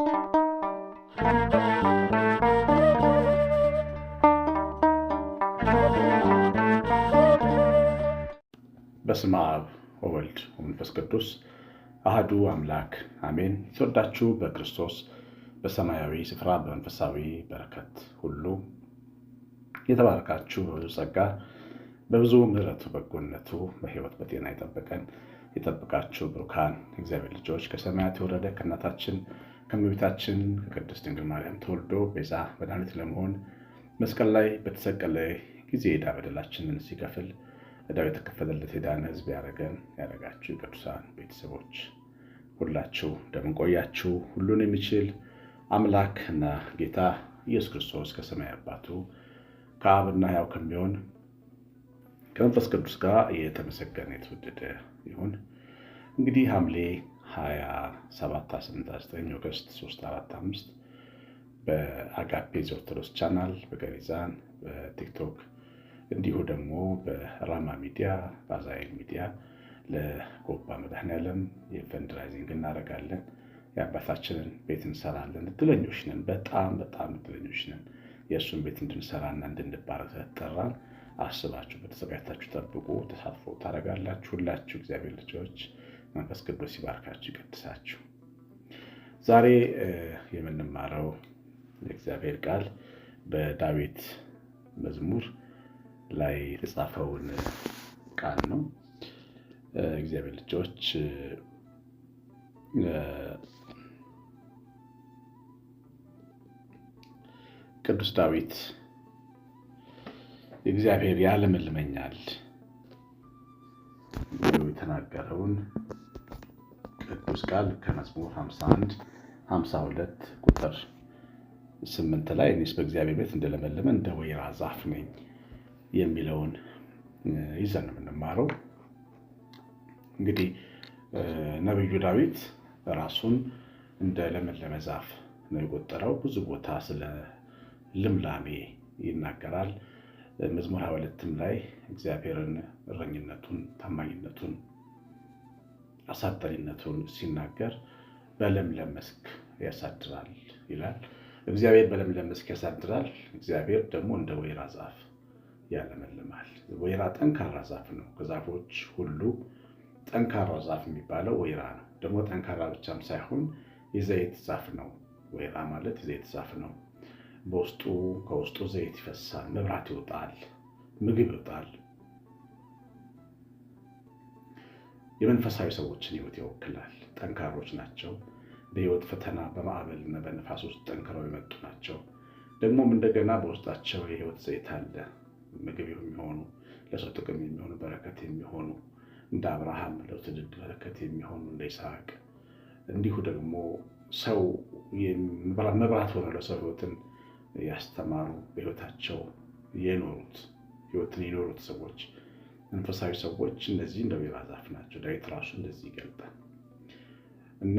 በስመ አብ ወወልድ ወመንፈስ ቅዱስ አህዱ አምላክ አሜን። የተወዳችሁ በክርስቶስ በሰማያዊ ስፍራ በመንፈሳዊ በረከት ሁሉ የተባረካችሁ በብዙ ጸጋ በብዙ ምሕረቱ በጎነቱ በሕይወት በጤና የጠበቀን የጠበቃችሁ ብሩካን እግዚአብሔር ልጆች ከሰማያት የወረደ ከእናታችን ከእመቤታችን ከቅድስት ድንግል ማርያም ተወልዶ ቤዛ መድኃኒት ለመሆን መስቀል ላይ በተሰቀለ ጊዜ ዕዳ በደላችንን ሲከፍል ዕዳው የተከፈለለት የዳነ ሕዝብ ያደረገን ያደረጋችሁ የቅዱሳን ቤተሰቦች ሁላችሁ እንደምን ሁሉን የሚችል አምላክ እና ጌታ ኢየሱስ ክርስቶስ ከሰማይ አባቱ ከአብና ያው ከሚሆን ከመንፈስ ቅዱስ ጋር የተመሰገነ የተወደደ ይሁን። እንግዲህ ሐምሌ 27 ኦገስት 345 በአጋፔዝ ኦርቶዶክስ ቻናል በገሪዛን በቲክቶክ እንዲሁ ደግሞ በራማ ሚዲያ በአዛሄል ሚዲያ ለጎባ መድኃኔዓለም የፈንድራይዚንግ እናደርጋለን። የአባታችንን ቤት እንሰራለን። እድለኞች ነን። በጣም በጣም እድለኞች ነን። የእሱን ቤት እንድንሰራና እንድንባረክ ተጠራን። አስባችሁ በተዘጋጅታችሁ ጠብቁ። ተሳትፎ ታደርጋላችሁ። ሁላችሁ እግዚአብሔር ልጆች መንፈስ ቅዱስ ይባርካችሁ ይቀድሳችሁ። ዛሬ የምንማረው የእግዚአብሔር ቃል በዳዊት መዝሙር ላይ የተጻፈውን ቃል ነው። እግዚአብሔር ልጆች ቅዱስ ዳዊት እግዚአብሔር ያለምልመኛል የተናገረውን ቅዱስ ቃል ከመዝሙር 51 52 ቁጥር ስምንት ላይ እኔስ በእግዚአብሔር ቤት እንደለመለመ እንደ ወይራ ዛፍ ነኝ የሚለውን ይዘን የምንማረው እንግዲህ ነቢዩ ዳዊት ራሱን እንደ ለመለመ ዛፍ ነው የቆጠረው። ብዙ ቦታ ስለ ልምላሜ ይናገራል። መዝሙር 22ም ላይ እግዚአብሔርን እረኝነቱን፣ ታማኝነቱን አሳጠሪነቱን ሲናገር በለምለም መስክ ያሳድራል ይላል። እግዚአብሔር በለምለም መስክ ያሳድራል። እግዚአብሔር ደግሞ እንደ ወይራ ዛፍ ያለመልማል። ወይራ ጠንካራ ዛፍ ነው። ከዛፎች ሁሉ ጠንካራ ዛፍ የሚባለው ወይራ ነው። ደግሞ ጠንካራ ብቻም ሳይሆን የዘይት ዛፍ ነው። ወይራ ማለት የዘይት ዛፍ ነው። በውስጡ ከውስጡ ዘይት ይፈሳል፣ መብራት ይወጣል፣ ምግብ ይወጣል፣ የመንፈሳዊ ሰዎችን ህይወት ይወክላል። ጠንካሮች ናቸው። በህይወት ፈተና በማዕበልና በነፋስ ውስጥ ጠንክረው የመጡ ናቸው። ደግሞም እንደገና በውስጣቸው የህይወት ዘይት አለ። ምግብ የሚሆኑ ለሰው ጥቅም የሚሆኑ በረከት የሚሆኑ እንደ አብርሃም ለትውልድ በረከት የሚሆኑ እንደ ይስሐቅ እንዲሁ ደግሞ ሰው መብራት ሆነ ለሰው ህይወትን ያስተማሩ በህይወታቸው የኖሩት ህይወትን የኖሩት ሰዎች መንፈሳዊ ሰዎች እነዚህ እንደ ወይራ ዛፍ ናቸው። ዳዊት ራሱ እንደዚህ ይገልጣል እና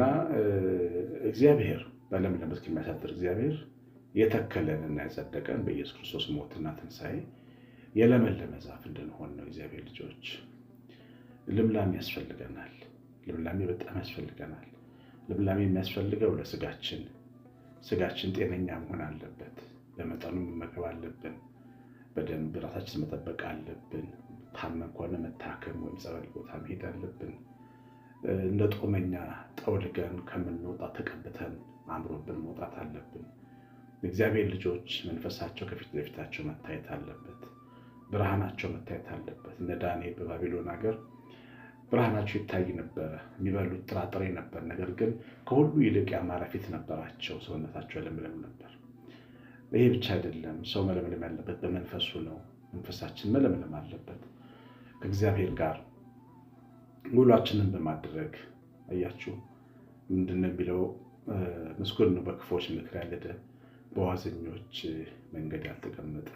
እግዚአብሔር በለምለም የሚያሳድር እግዚአብሔር የተከለን እና ያጸደቀን በኢየሱስ ክርስቶስ ሞትና ትንሣኤ የለመለመ ዛፍ እንድንሆን ነው። እግዚአብሔር ልጆች ልምላሜ ያስፈልገናል። ልምላሜ በጣም ያስፈልገናል። ልምላሜ የሚያስፈልገው ለስጋችን ስጋችን ጤነኛ መሆን አለበት። በመጠኑ መመገብ አለብን። በደንብ ራሳችን መጠበቅ አለብን። ታመን ከሆነ መታከም ወይም ጸበል ቦታ መሄድ አለብን። እንደ ጦመኛ ጠውልገን ከምንወጣ ተቀብተን አምሮብን መውጣት አለብን። የእግዚአብሔር ልጆች መንፈሳቸው ከፊት ለፊታቸው መታየት አለበት። ብርሃናቸው መታየት አለበት። እነ ዳንኤል በባቢሎን ሀገር ብርሃናቸው ይታይ ነበረ። የሚበሉት ጥራጥሬ ነበር፣ ነገር ግን ከሁሉ ይልቅ ያማረ ፊት ነበራቸው። ሰውነታቸው ለምለም ነበር። ይሄ ብቻ አይደለም። ሰው መለምለም ያለበት በመንፈሱ ነው። መንፈሳችን መለምለም አለበት። ከእግዚአብሔር ጋር ውሏችንን በማድረግ አያችሁ፣ ምንድን ነው የሚለው? ምስጉን ነው በክፉዎች ምክር ያለደ በዋዘኞች መንገድ ያልተቀመጠ፣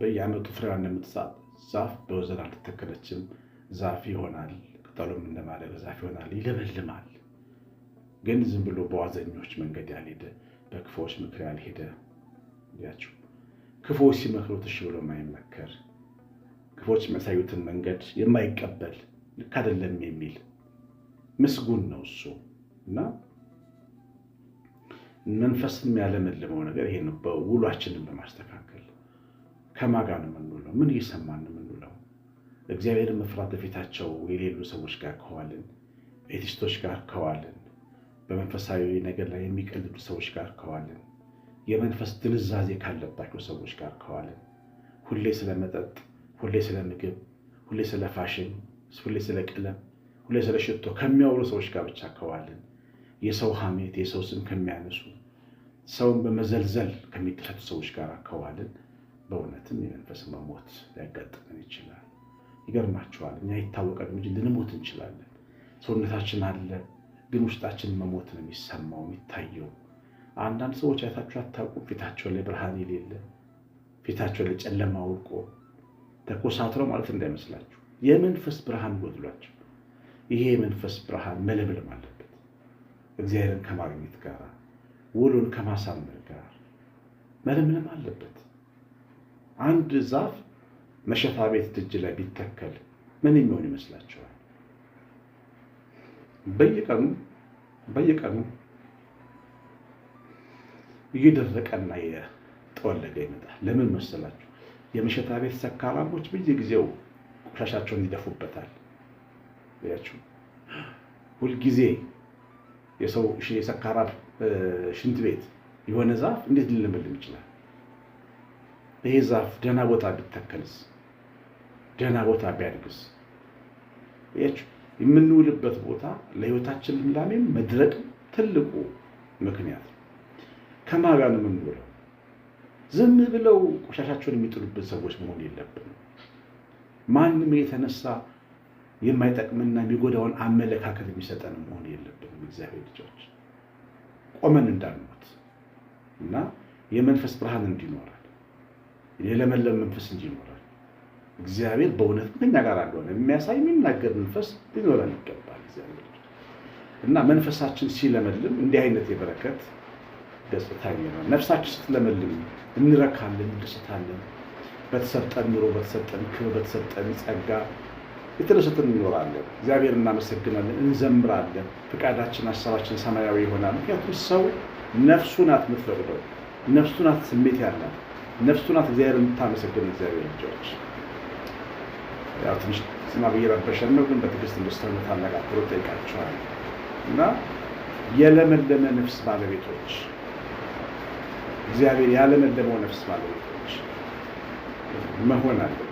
በየአመቱ ፍሬዋን የምትሰጥ ዛፍ በወይዘን አልተተከለችም። ዛፍ ይሆናል፣ ቅጠሉም እንደማደግ ዛፍ ይሆናል፣ ይለመልማል። ግን ዝም ብሎ በዋዘኞች መንገድ ያልሄደ፣ በክፎች ምክር ያልሄደ ያችሁ ክፉዎች ሲመክሩት እሺ ብሎ የማይመከር ክፎች የሚያሳዩትን መንገድ የማይቀበል ልክ አይደለም የሚል ምስጉን ነው እሱ እና መንፈስ የሚያለመልመው ነገር ይሄ ነው። በውሏችንን በማስተካከል ከማን ጋር ነው የምንውለው? ምን እየሰማን ነው የምንውለው? መፍራት በፊታቸው የሌሉ ሰዎች ጋር ከዋልን፣ ኤቲስቶች ጋር ከዋልን፣ በመንፈሳዊ ነገር ላይ የሚቀልዱ ሰዎች ጋር ከዋልን የመንፈስ ድንዛዜ ካለባቸው ሰዎች ጋር ከዋልን ሁሌ ስለ መጠጥ፣ ሁሌ ስለ ምግብ፣ ሁሌ ስለ ፋሽን፣ ሁሌ ስለ ቀለም፣ ሁሌ ስለ ሽቶ ከሚያወሩ ሰዎች ጋር ብቻ ከዋልን የሰው ሐሜት፣ የሰው ስም ከሚያነሱ ሰውን በመዘልዘል ከሚደሰቱ ሰዎች ጋር ከዋልን በእውነትም የመንፈስ መሞት ሊያጋጥመን ይችላል። ይገርማቸዋል። እኛ ይታወቀን እንጂ ልንሞት እንችላለን። ሰውነታችን አለ፣ ግን ውስጣችን መሞት ነው የሚሰማው የሚታየው አንዳንድ ሰዎች አይታችሁ አታውቁም። ፊታቸው ላይ ብርሃን የሌለ ፊታቸው ላይ ጨለማ ወድቆ ተኮሳትረው ማለት እንዳይመስላችሁ የመንፈስ ብርሃን ጎድሏቸው፣ ይሄ የመንፈስ ብርሃን መለምለም አለበት። እግዚአብሔርን ከማግኘት ጋር ውሉን ከማሳመር ጋር መለምለም አለበት። አንድ ዛፍ መሸታ ቤት ድጅ ላይ ቢተከል ምን የሚሆን ይመስላችኋል? በየቀኑ በየቀኑ እየደረቀና እየጠወለገ ይመጣል። ለምን መሰላችሁ? የመሸታ ቤት ሰካራሞች ጊዜው ቆሻሻቸውን ይደፉበታል። ያችሁ ሁልጊዜ የሰው የሰካራ ሽንት ቤት የሆነ ዛፍ እንዴት ሊለመልም ይችላል? ይሄ ዛፍ ደህና ቦታ ቢተከልስ፣ ደህና ቦታ ቢያድግስ? ያችሁ የምንውልበት ቦታ ለህይወታችን ልምላሜም መድረቅ ትልቁ ምክንያት ነው። ከማን ጋር ነው የምንውለው? ዝም ብለው ቆሻሻቸውን የሚጥሉበት ሰዎች መሆን የለብንም። ማንም የተነሳ የማይጠቅምና የሚጎዳውን አመለካከት የሚሰጠን መሆን የለብንም። እግዚአብሔር ልጆች ቆመን እንዳንሞት እና የመንፈስ ብርሃን እንዲኖራል የለመለም መንፈስ እንዲኖራል እግዚአብሔር በእውነት ከኛ ጋር እንደሆነ የሚያሳይ የሚናገር መንፈስ ሊኖረን ይገባል። እግዚአብሔር እና መንፈሳችን ሲለመልም እንዲህ አይነት የበረከት ደስታ ይኖራል። ነፍሳችን ስትለመልም እንረካለን፣ እንደሰታለን። በተሰጠን ኑሮ፣ በተሰጠን ክብር፣ በተሰጠን ጸጋ የተደሰትን እንኖራለን። እግዚአብሔር እናመሰግናለን፣ እንዘምራለን። ፍቃዳችን፣ ሀሳባችን ሰማያዊ ይሆናል። ምክንያቱም ሰው ነፍሱ ናት የምትፈቅደው፣ ነፍሱ ናት ስሜት ያላት፣ ነፍሱ ናት እግዚአብሔር የምታመሰግን። እግዚአብሔር ልጆች ያው ትንሽ ስማ ብዬ ነው፣ ግን በትዕግስት እንደስተሆነ ታነቃቅሎ ጠይቃቸዋል እና የለመለመ ነፍስ ባለቤቶች እግዚአብሔር ያለመለመው ነፍስ ማለት መሆን አለበት።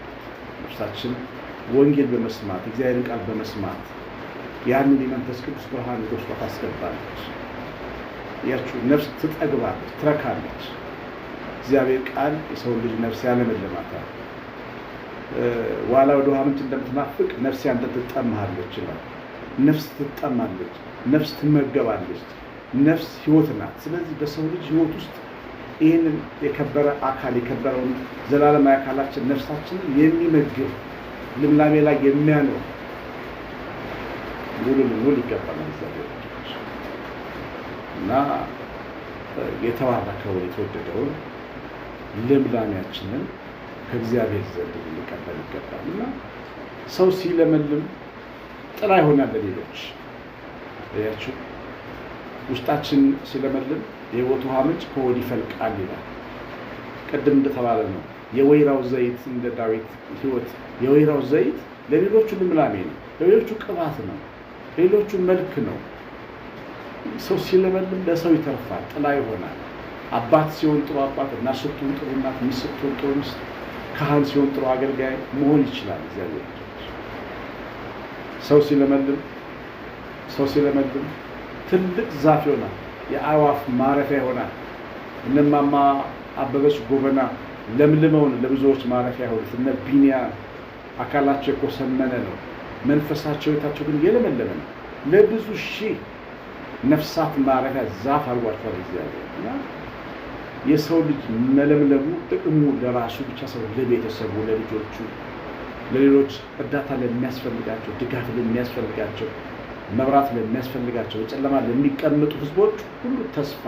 ነፍሳችን ወንጌል በመስማት እግዚአብሔርን ቃል በመስማት ያንን የመንፈስ ቅዱስ ብርሃን ወደ ታስገባለች። ያችሁ ነፍስ ትጠግባለች፣ ትረካለች። እግዚአብሔር ቃል የሰውን ልጅ ነፍስ ያለመለማታል። ዋላ ወደ ውሃ ምንጭ እንደምትናፍቅ ነፍስ ያንተ ትጠማሃለች ነው። ነፍስ ትጠማለች፣ ነፍስ ትመገባለች። ነፍስ ህይወት ናት። ስለዚህ በሰው ልጅ ህይወት ውስጥ ይህንን የከበረ አካል የከበረውን ዘላለማዊ አካላችን ነፍሳችንን የሚመግብ ልምላሜ ላይ የሚያኖር ሙሉ ልሙል ይገባል እና የተባረከውን የተወደደውን ልምላሜያችንን ከእግዚአብሔር ዘንድ ልንቀበል ይገባል እና ሰው ሲለመልም ጥላ ይሆናል ለሌሎች ያችሁ ውስጣችን ሲለመልም የሕይወት ውሃ ምንጭ ከወዲህ ይፈልቃል ይላል። ቅድም እንደተባለ ነው የወይራው ዘይት እንደ ዳዊት ህይወት የወይራው ዘይት ለሌሎቹ ልምላሜ ነው፣ ለሌሎቹ ቅባት ነው፣ ለሌሎቹ መልክ ነው። ሰው ሲለመልም ለሰው ይተርፋል፣ ጥላ ይሆናል። አባት ሲሆን ጥሩ አባት፣ እናት ስትሆን ጥሩ እናት፣ ሚስት ስትሆን ጥሩ ሚስት፣ ካህን ሲሆን ጥሩ አገልጋይ መሆን ይችላል። እግዚአብሔር ሰው ሲለመልም ሰው ሲለመልም ትልቅ ዛፍ ይሆናል። የአእዋፍ ማረፊያ ይሆናል። እነማማ አበበች ጎበና ለምልመውን ለብዙዎች ማረፊያ ይሆኑት። እነ ቢኒያ አካላቸው የኮሰመነ ነው፣ መንፈሳቸው ቤታቸው ግን የለመለመ ነው። ለብዙ ሺህ ነፍሳት ማረፊያ ዛፍ አድርጓቸዋል እግዚአብሔር እና የሰው ልጅ መለምለሙ ጥቅሙ ለራሱ ብቻ ሰው ለቤተሰቡ፣ ለልጆቹ፣ ለሌሎች እርዳታ ለሚያስፈልጋቸው ድጋፍ ለሚያስፈልጋቸው መብራት ለሚያስፈልጋቸው በጨለማ ለሚቀመጡ ህዝቦች ሁሉ ተስፋ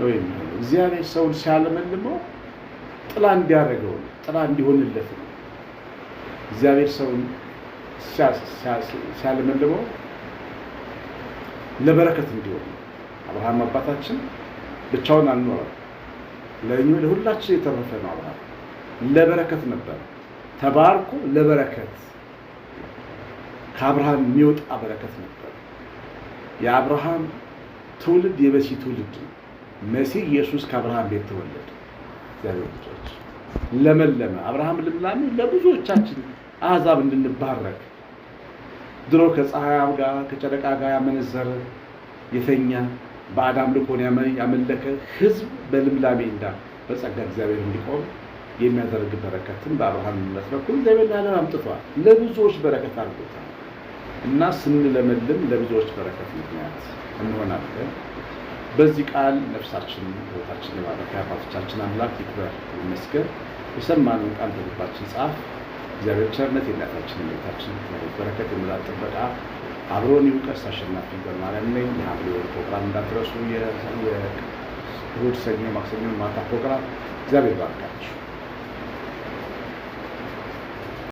ነው የሚሆነው። እግዚአብሔር ሰውን ሲያለመልመው ጥላ እንዲያደርገው ጥላ እንዲሆንለት ነው። እግዚአብሔር ሰውን ሲያለመልመው ለበረከት እንዲሆን አብርሃም አባታችን ብቻውን አልኖረም። ለእኛ ለሁላችን የተረፈ ነው። አብርሃም ለበረከት ነበር፣ ተባርኮ ለበረከት ከአብርሃም የሚወጣ በረከት ነበር። የአብርሃም ትውልድ የመሲ ትውልድ ነው። መሲህ ኢየሱስ ከአብርሃም ቤት ተወለደ። ዛሬዎች ለመለመ አብርሃም ልምላሜ ለብዙዎቻችን አሕዛብ እንድንባረክ ድሮ ከፀሐያም ጋር ከጨረቃ ጋር ያመነዘረ የተኛ በአዳም ልኮን ያመለከ ህዝብ በልምላሜ እንዳ በጸጋ እግዚአብሔር እንዲቆም የሚያደርግ በረከትን በአብርሃም ምነት በኩል እግዚአብሔር ለዓለም አምጥቷል። ለብዙዎች በረከት አድርጎታል። እና ስንለመልም ለብዙዎች በረከት ምክንያት እንሆናለን። በዚህ ቃል ነፍሳችን ሕይወታችን የባረከ አባቶቻችን አምላክ ይክበር ይመስገን። የሰማነውን ቃል በልባችን ጻፍ። እግዚአብሔር ቸርነት የእናታችን ቤታችን በረከት የምላት ጥበቃ አብሮን ይውቀስ። አሸናፊ በማርያም ነኝ። የሐምሌ ወር ፕሮግራም እንዳትረሱ። የእሑድ ሰኞ፣ ማክሰኞን ማታ ፕሮግራም እግዚአብሔር ባርካችሁ።